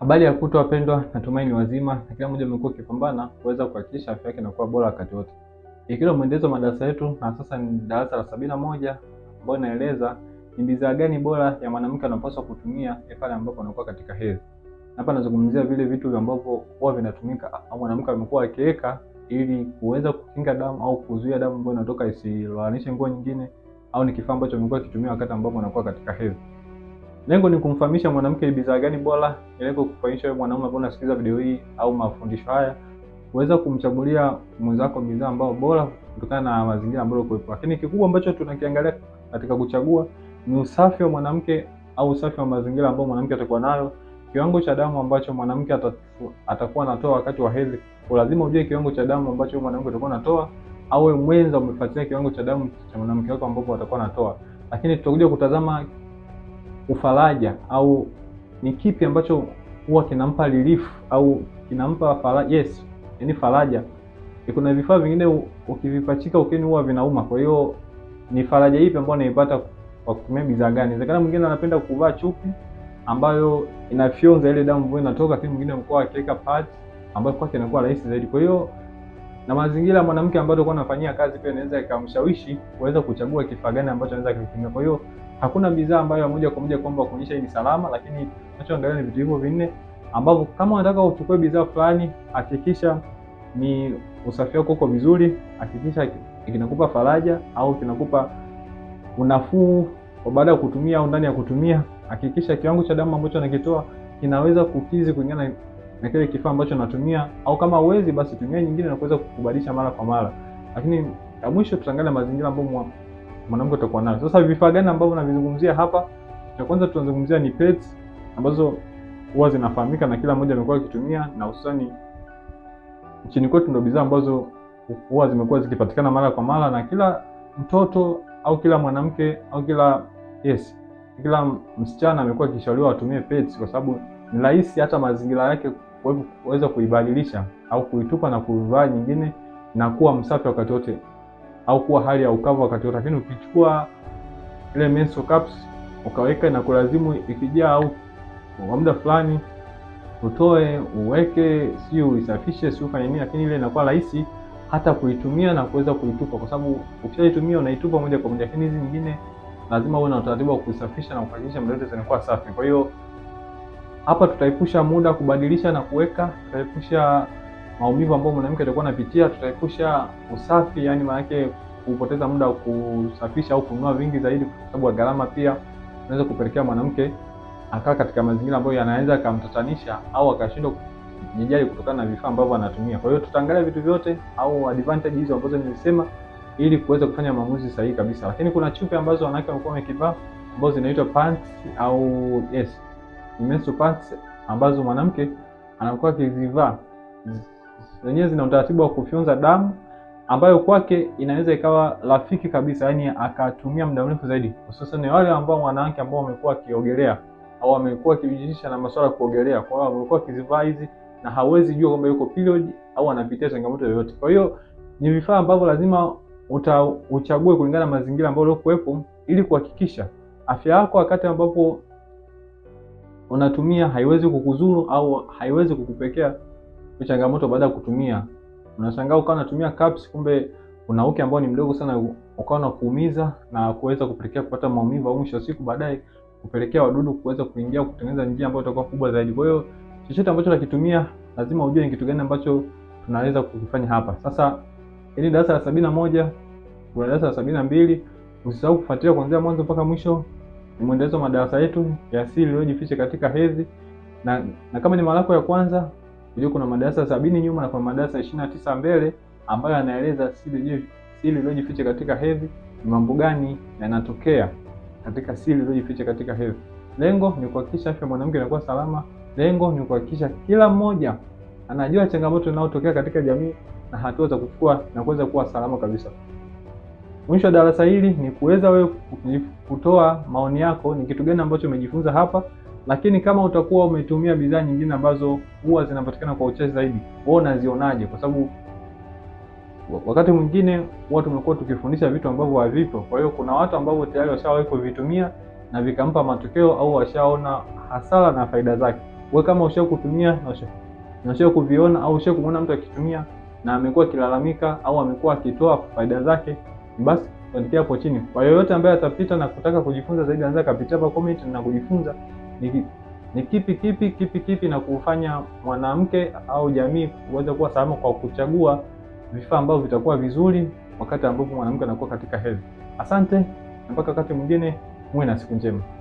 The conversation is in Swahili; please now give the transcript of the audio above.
Habari ya kutwa wapendwa, natumaini wazima na kila mmoja amekuwa akipambana kuweza kuhakikisha afya yake inakuwa bora wakati wote. Ikiwa mwendelezo madarasa yetu na sasa ni darasa la sabini na moja ambayo inaeleza ni bidhaa gani bora ya mwanamke anapaswa kutumia pale ambapo anakuwa katika hedhi. Hapa nazungumzia vile vitu ambavyo huwa vinatumika au mwanamke amekuwa akiweka ili kuweza kukinga damu au kuzuia damu ambayo inatoka isilowanishe nguo nyingine, au ni kifaa ambacho amekuwa akitumia wakati ambapo anakuwa katika hedhi. Lengo ni kumfahamisha mwanamke bidhaa gani bora, lengo kufahamisha wewe mwanaume ambaye unasikiliza video hii au mafundisho haya uweza kumchagulia mwenzako bidhaa ambao bora kutokana na mazingira ambayo kuwepo. Lakini kikubwa ambacho tunakiangalia katika kuchagua ni usafi wa mwanamke au usafi wa mazingira ambayo mwanamke atakuwa nayo, kiwango cha damu ambacho mwanamke atakuwa anatoa wakati wa hedhi. Lazima ujue kiwango cha damu ambacho mwanamke atakuwa anatoa, au mwenza umefuatilia kiwango cha damu cha mwanamke wako ambapo atakuwa anatoa. Lakini tutakuja kutazama ufaraja au ni kipi ambacho huwa kinampa relief au kinampa faraja? Yes, yani faraja. Kuna vifaa vingine ukivipachika ukeni huwa vinauma, kwa hiyo ni faraja ipi ambayo naipata kwa kutumia bidhaa gani? Inawezekana mwingine anapenda kuvaa chupi ambayo inafyonza ile damu ambayo inatoka, lakini mwingine amekuwa akiweka pad ambayo kwake inakuwa rahisi zaidi. Kwa hiyo na mazingira mwanamke ambayo alikuwa anafanyia kazi pia inaweza ikamshawishi kuweza kuchagua kifaa gani ambacho anaweza kutumia. Kwa hiyo Hakuna bidhaa ambayo moja kwa moja kwamba kuonyesha hii ni salama, lakini tunachoangalia ni vitu hivyo vinne ambavyo kama unataka uchukue bidhaa fulani, hakikisha ni usafi wako uko vizuri, hakikisha kinakupa faraja au kinakupa unafuu kwa baada ya kutumia au ndani ya kutumia. Hakikisha kiwango cha damu ambacho nakitoa kinaweza kukizi kulingana na kile kifaa ambacho natumia, au kama uwezi basi tumia nyingine na kuweza kukubadilisha mara kwa mara. Lakini ya mwisho tutaangalia mazingira ambayo mwanamke utakuwa nayo. Sasa vifaa gani ambavyo navizungumzia hapa? Cha kwanza tunazungumzia ni pads ambazo huwa zinafahamika na kila mmoja amekuwa akitumia, na hususani nchini kwetu ndio bidhaa ambazo huwa zimekuwa zikipatikana mara kwa mara na kila mtoto au kila mwanamke au kila yes, kila msichana amekuwa akishauriwa atumie pads kwa sababu ni rahisi hata mazingira yake kuweza kuibadilisha au kuitupa na kuvaa nyingine na kuwa msafi wakati wote au kuwa hali ya ukavu wakati wote, lakini ukichukua ile menstrual cups ukaweka na kulazimu ikijaa au kwa muda fulani utoe uweke, sio uisafishe, sio ufanye nini, lakini ile inakuwa rahisi hata kuitumia na kuweza kuitupa, kwa sababu ukishaitumia unaitupa moja kwa moja. Lakini hizi nyingine lazima uwe na utaratibu wa kuisafisha na kuhakikisha muda wote zinakuwa safi. Kwa hiyo hapa tutaepusha muda kubadilisha na kuweka, tutaepusha maumivu ambayo mwanamke atakuwa anapitia, tutaepusha usafi, yani maanake kupoteza muda kusafisha au kununua vingi zaidi, kwa sababu gharama pia unaweza kupelekea mwanamke akaa katika mazingira ambayo yanaweza akamtatanisha au akashindwa kujijali kutokana na vifaa ambavyo anatumia. Kwa hiyo tutaangalia vitu vyote au advantage hizo ambazo nimesema, ili kuweza kufanya maamuzi sahihi kabisa. Lakini kuna chupi ambazo wanawake wamekuwa wamekivaa ambazo zinaitwa pants au yes, menstrual pants ambazo mwanamke anakuwa akizivaa zenyewe zina utaratibu wa kufyonza damu ambayo kwake inaweza ikawa rafiki kabisa, yani akatumia muda mrefu zaidi, hususan wale ambao wanawake ambao wamekuwa wakiogelea au wamekuwa wakijihusisha na masuala ya kuogelea, kwa hiyo wamekuwa wakizivaa hizi na hawezi jua kwamba yuko period au anapitia changamoto yoyote. Kwa hiyo ni vifaa ambavyo lazima uta, uchague kulingana na mazingira ambayo uliokuwepo ili kuhakikisha afya yako wakati ambapo unatumia haiwezi kukuzuru au haiwezi kukupekea ni changamoto baada ya kutumia, unashangaa ukawa unatumia caps, kumbe una uke ambao ni mdogo sana, ukawa na kuumiza na kuweza kupelekea kupata maumivu, au mwisho wa siku baadaye kupelekea wadudu kuweza kuingia kutengeneza njia ambayo itakuwa kubwa zaidi. Kwa hiyo chochote ambacho nakitumia lazima ujue ni kitu gani ambacho tunaweza kukifanya hapa. Sasa ili darasa la sabini na moja kuna darasa la sabini na mbili Usisahau kufuatilia kuanzia mwanzo mpaka mwisho. Ni mwendelezo wa madarasa yetu ya asili uliojificha katika hedhi, na, na kama ni mara yako ya kwanza Unajua kuna madarasa sabini nyuma na kuna madarasa ishirini na tisa mbele ambayo yanaeleza siri siri iliyojificha katika hedhi ni mambo gani yanatokea katika siri iliyojificha katika hedhi. Lengo ni kuhakikisha afya mwanamke inakuwa salama. Lengo ni kuhakikisha kila mmoja anajua changamoto inayotokea katika jamii na hatua za kuchukua na kuweza kuwa salama kabisa. Mwisho wa darasa hili ni kuweza wewe kutoa maoni yako, ni kitu gani ambacho umejifunza hapa lakini kama utakuwa umetumia bidhaa nyingine ambazo huwa zinapatikana kwa uchache zaidi, wewe unazionaje? Kwa sababu wakati mwingine huwa tumekuwa tukifundisha vitu ambavyo havipo. Kwa hiyo kuna watu ambao tayari washawahi kuvitumia na vikampa matokeo au washaona hasara na faida zake. Wewe kama ushawahi kutumia na ushawahi kuviona au ushawahi kumuona mtu akitumia na amekuwa akilalamika au amekuwa akitoa faida zake, basi tuandikia hapo chini. Kwa yoyote ambaye atapita na kutaka kujifunza zaidi, anaweza kapitia hapa comment na kujifunza ni, ni kipi kipi kipi kipi na kufanya mwanamke au jamii uweze kuwa salama kwa kuchagua vifaa ambavyo vitakuwa vizuri wakati ambapo mwanamke anakuwa katika hedhi. Asante, mpaka wakati mwingine, muwe na siku njema.